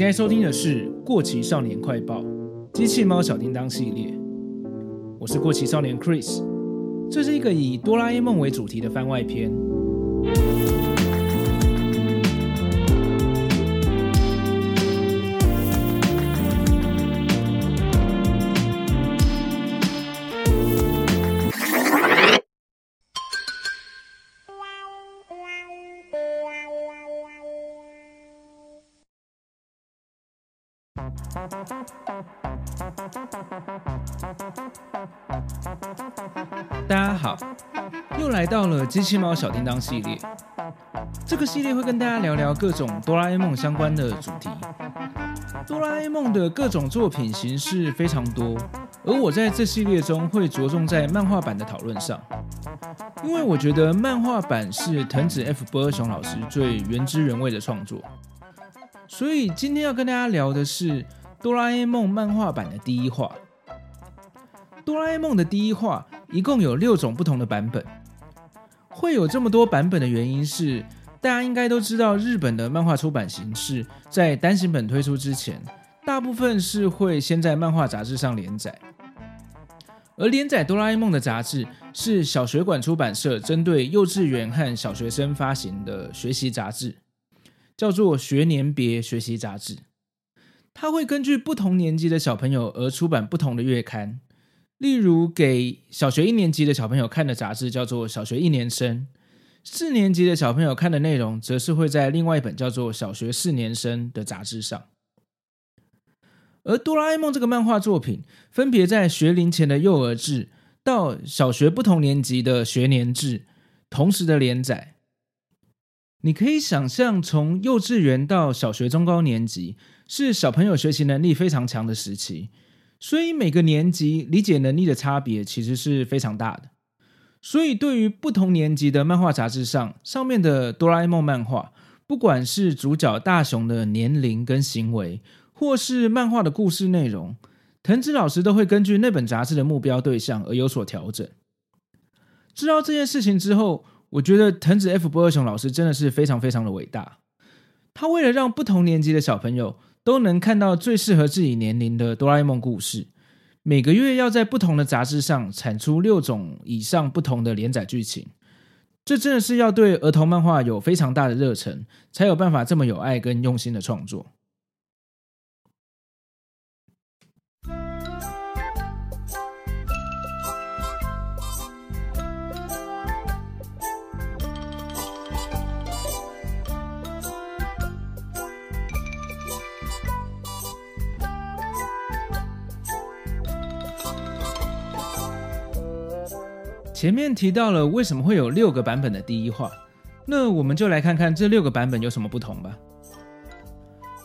今天收聽的是《過期少年快報》《機器貓小叮噹》系列，我是過期少年 Chris，這是一個以哆啦 A 夢為主題的番外篇。大家好，又來到了機器貓小叮噹系列。這個系列會跟大家聊聊各種哆啦 A 夢相關的主題。哆啦 A 夢的各種作品形式非常多，而我在這系列中會着重在漫畫版的討論上，因為我覺得漫畫版是藤子 F 不二雄老師最原汁原味的創作。所以今天要跟大家聊的是。《哆啦 A 夢》漫畫版的第一話，《哆啦 A 夢》的第一話一共有六種不同的版本。會有這麼多版本的原因是，大家應該都知道，日本的漫畫出版形式在單行本推出之前，大部分是會先在漫畫雜誌上連載。而連載《哆啦 A 夢》的雜誌是小學館出版社針對幼稚園和小學生發行的學習雜誌，叫做學年別學習雜誌。他會根據不同年紀的小朋友而出版不同的月刊，例如給小學一年級的小朋友看的雜誌叫做《小學一年生》，四年級的小朋友看的內容則是會在另外一本叫做《小學四年生》的雜誌上。而《哆啦 A 夢》這個漫畫作品分別在學齡前的幼兒誌到小學不同年級的學年誌同時的連載。你可以想象，從幼稚園到小學中高年級。是小朋友學習能力非常強的時期，所以每個年級理解能力的差別其實是非常大的。所以對於不同年級的漫畫雜誌上，上面的哆啦 A 夢漫畫，不管是主角大雄的年齡跟行為，或是漫畫的故事內容，藤子老師都會根據那本雜誌的目標對象而有所調整。知道這件事情之後，我覺得藤子 F 不二雄老師真的是非常非常的偉大，他為了讓不同年級的小朋友。都能看到最適合自己年齡的哆啦 A 夢故事，每個月要在不同的雜誌上產出六種以上不同的連載劇情，這真的是要對兒童漫畫有非常大的熱忱，才有辦法這麼有愛跟用心的創作。前面提到了為什麼會有六個版本的第一話，那我們就來看看這六個版本有什麼不同吧。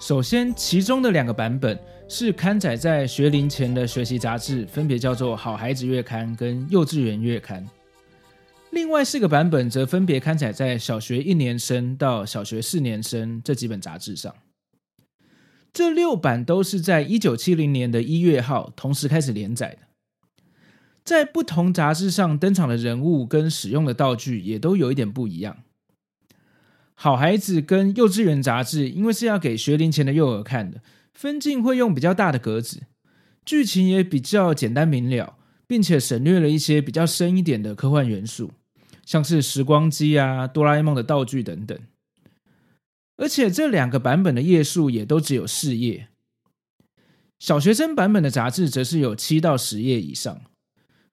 首先，其中的兩個版本是刊載在學齡前的學習雜誌，分別叫做《好孩子月刊》跟《幼稚園月刊》。另外四個版本則分別刊載在小學一年生到小學四年生這幾本雜誌上。這六版都是在一九七零年的一月號同時開始連載的。在不同雜誌上登場的人物跟使用的道具也都有一點不一樣。好孩子跟幼稚園雜誌，因為是要給學齡前的幼兒看的，分鏡會用比較大的格子，劇情也比較簡單明了，並且省略了一些比較深一點的科幻元素，像是時光機啊、哆啦 A 夢的道具等等。而且這兩個版本的頁數也都只有四頁，小學生版本的雜誌則是有七到十頁以上。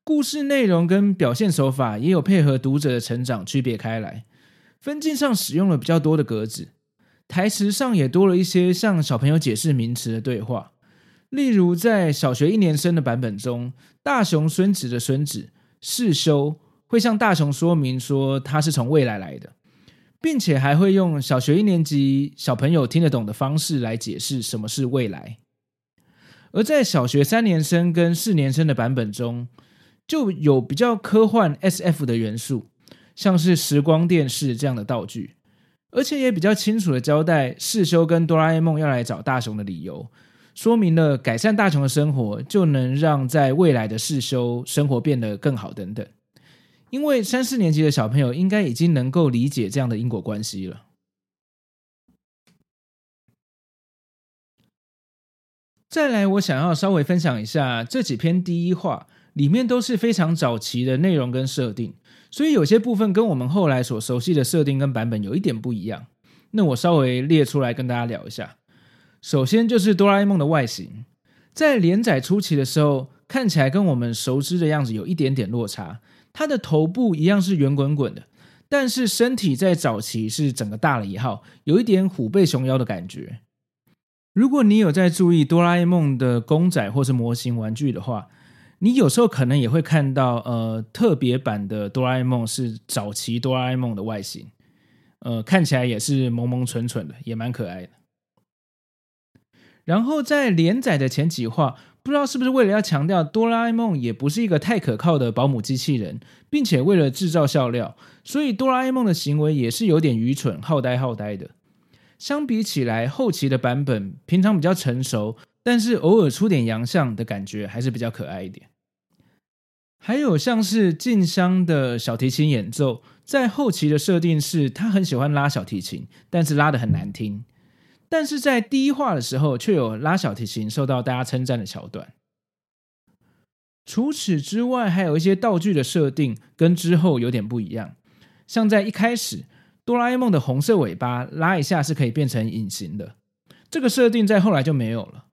故事內容跟表現手法也有配合讀者的成長區別開來。分鏡上使用了比較多的格子，台詞上也多了一些向小朋友解釋名詞的對話。例如，在小學一年生的版本中，大雄孫子的孫子世修會向大雄說明說他是從未來來的，並且還會用小學一年級小朋友聽得懂的方式來解釋什麼是未來。而在小學三年生跟四年生的版本中，就有比較科幻 SF 的元素，像是時光電視這樣的道具，而且也比較清楚的交代世修跟哆啦 A 夢要來找大雄的理由，說明了改善大雄的生活就能讓在未來的世修生活變得更好等等。因為三四年級的小朋友應該已經能夠理解這樣的因果關係了。再來，我想要稍微分享一下這幾篇第一話。裡面都是非常早期的內容跟設定，所以有些部分跟我們後來所熟悉的設定跟版本有一點不一樣。那我稍微列出來跟大家聊一下。首先就是哆啦 A 夢的外形，在連載初期的時候，看起來跟我們熟知的樣子有一點點落差。它的頭部一樣是圓滾滾的，但是身體在早期是整個大了一號，有一點虎背熊腰的感覺。如果你有在注意哆啦 A 夢的公仔或是模型玩具的話，你有時候可能也會看到，呃，特別版的哆啦 A 夢是早期哆啦 A 夢的外形，呃，看起來也是萌萌蠢蠢蠢的，也蠻可愛的。然後在連載的前幾話，不知道是不是為了要強調哆啦 A 夢也不是一個太可靠的保姆機器人，並且為了制造笑料，所以哆啦 A 夢的行為也是有點愚蠢、好呆好呆的。相比起來，後期的版本平常比較成熟。但是偶爾出點洋相的感覺還是比較可愛一點。還有像是靜香的小提琴演奏，在後期的設定是她很喜歡拉小提琴，但是拉得很難聽。但是在第一話的時候，卻有拉小提琴受到大家稱讚的橋段。除此之外，還有一些道具的設定跟之後有點不一樣，像在一開始，哆啦 A 夢的紅色尾巴拉一下是可以變成隱形的，這個設定在後來就沒有了。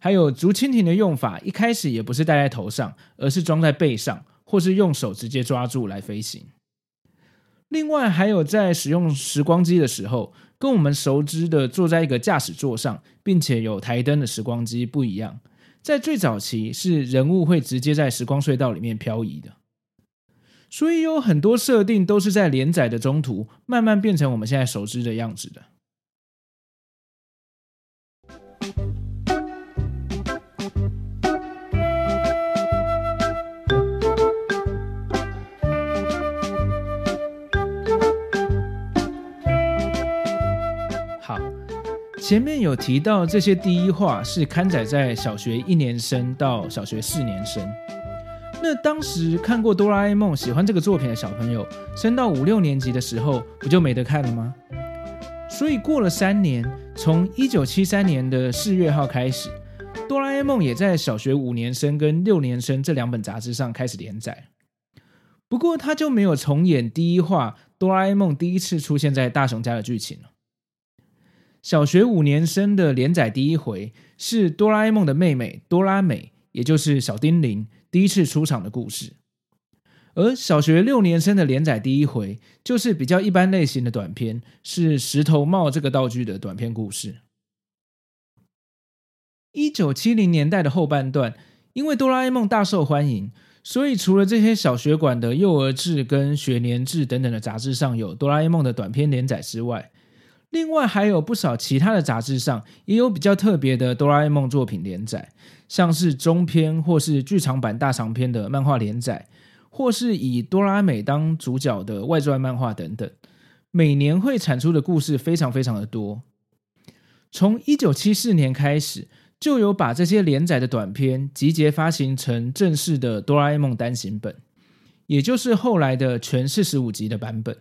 還有竹蜻蜓的用法，一開始也不是戴在頭上，而是裝在背上，或是用手直接抓住來飛行。另外，還有在使用時光機的時候，跟我們熟知的坐在一個駕駛座上，並且有台燈的時光機不一樣，在最早期是人物會直接在時光隧道裡面漂移的。所以有很多設定都是在連載的中途慢慢變成我們現在熟知的樣子的。前面有提到，這些第一話是刊載在小學一年生到小學四年生。那當時看過《哆啦 A 夢》喜歡這個作品的小朋友，升到五六年級的時候，不就沒得看了嗎？所以過了三年，從一九七三年的四月號開始，《哆啦 A 夢》也在小學五年生跟六年生這兩本雜誌上開始連載。不過，它就沒有重演第一話《哆啦 A 夢》第一次出現在大雄家的劇情。小學五年生的連載第一回是哆啦 A 夢的妹妹哆啦美，也就是小叮鈴第一次出場的故事。而小學六年生的連載第一回就是比較一般類型的短片，是石頭帽這個道具的短片故事。一九七零年代的後半段，因為哆啦 A 夢大受歡迎，所以除了這些小學館的幼兒志跟學年志等等的雜誌上有哆啦 A 夢的短篇連載之外，另外還有不少其他的雜誌上也有比較特別的哆啦 A 夢作品連載，像是中篇或是劇場版大長篇的漫畫連載，或是以哆啦美當主角的外傳漫畫等等。每年會產出的故事非常非常的多。從一九七四年開始，就有把這些連載的短篇集結發行成正式的哆啦 A 夢單行本，也就是後來的全四十五集的版本。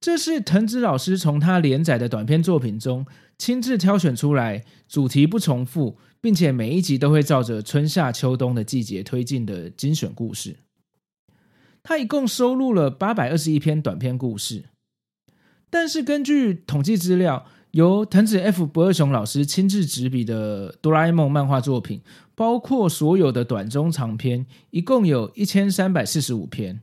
這是藤子老師從他連載的短篇作品中親自挑選出來，主題不重複，並且每一集都會照着春夏秋冬的季節推進的精選故事。他一共收錄了八百二十一篇短篇故事，但是根據統計資料，由藤子 F 不二雄老師親自執筆的《哆啦 A 夢》漫畫作品，包括所有的短中長篇，一共有一千三百四十五篇。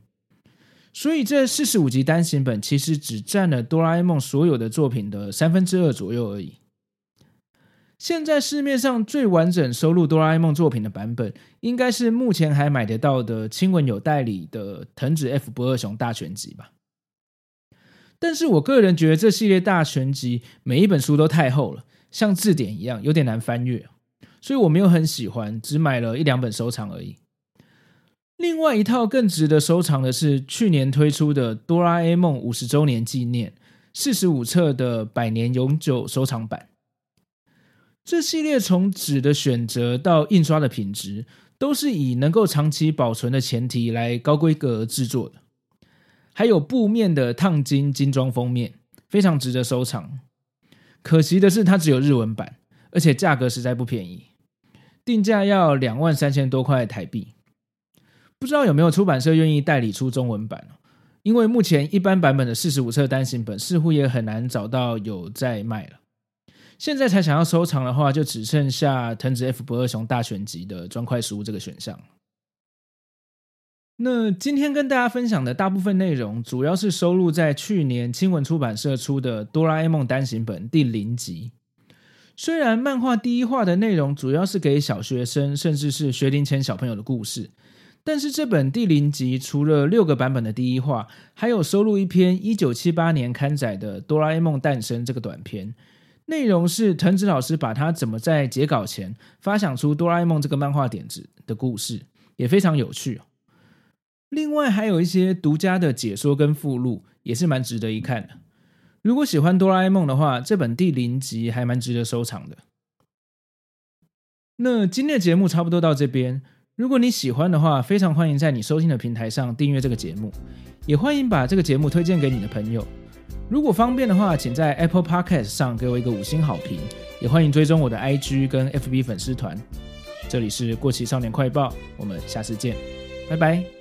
所以這四十五集單行本其實只占了《哆啦 A 夢》所有的作品的三分之二左右而已。現在市面上最完整收錄《哆啦 A 夢》作品的版本，應該是目前還買得到的青文有代理的藤子 F 不二雄大全集吧。但是我個人覺得這系列大全集每一本書都太厚了，像字典一樣，有點難翻閱，所以我沒有很喜歡，只買了一兩本收藏而已。另外一套更值得收藏的是去年推出的《哆啦 A 夢》五十周年紀念四十五冊的百年永久收藏版。這系列從紙的選擇到印刷的品質，都是以能夠長期保存的前提來高規格制作的。還有布面的燙金精裝封面，非常值得收藏。可惜的是，它只有日文版，而且價格實在不便宜，定價要兩萬三千多塊台幣。不知道有沒有出版社願意代理出中文版，因為目前一般版本的四十五冊單行本似乎也很難找到有在賣了。現在才想要收藏的話，就只剩下藤子 F 不二雄大全集的磚塊書這個選項。那今天跟大家分享的大部分內容，主要是收錄在去年青文出版社出的《哆啦 A 夢》單行本第零集。雖然漫畫第一話的內容主要是給小學生，甚至是學齡前小朋友的故事。但是這本第零集除了六個版本的第一話，還有收錄一篇一九七八年刊載的《哆啦 A 夢誕生》這個短篇，內容是藤子老師把他怎麼在截稿前發想出哆啦 A 夢這個漫畫點子的故事，也非常有趣哦。另外還有一些獨家的解說跟附錄，也是蠻值得一看的。如果喜歡哆啦 A 夢的話，這本第零集還蠻值得收藏的。那今天的節目差不多到這邊。如果你喜歡的話，非常歡迎在你收聽的平台上訂閱這個節目，也歡迎把這個節目推薦給你的朋友。如果方便的話，請在 Apple Podcast 上給我一個五星好評，也歡迎追蹤我的 IG 跟 FB 粉絲團。這裡是過氣少年快報，我們下次見，拜拜。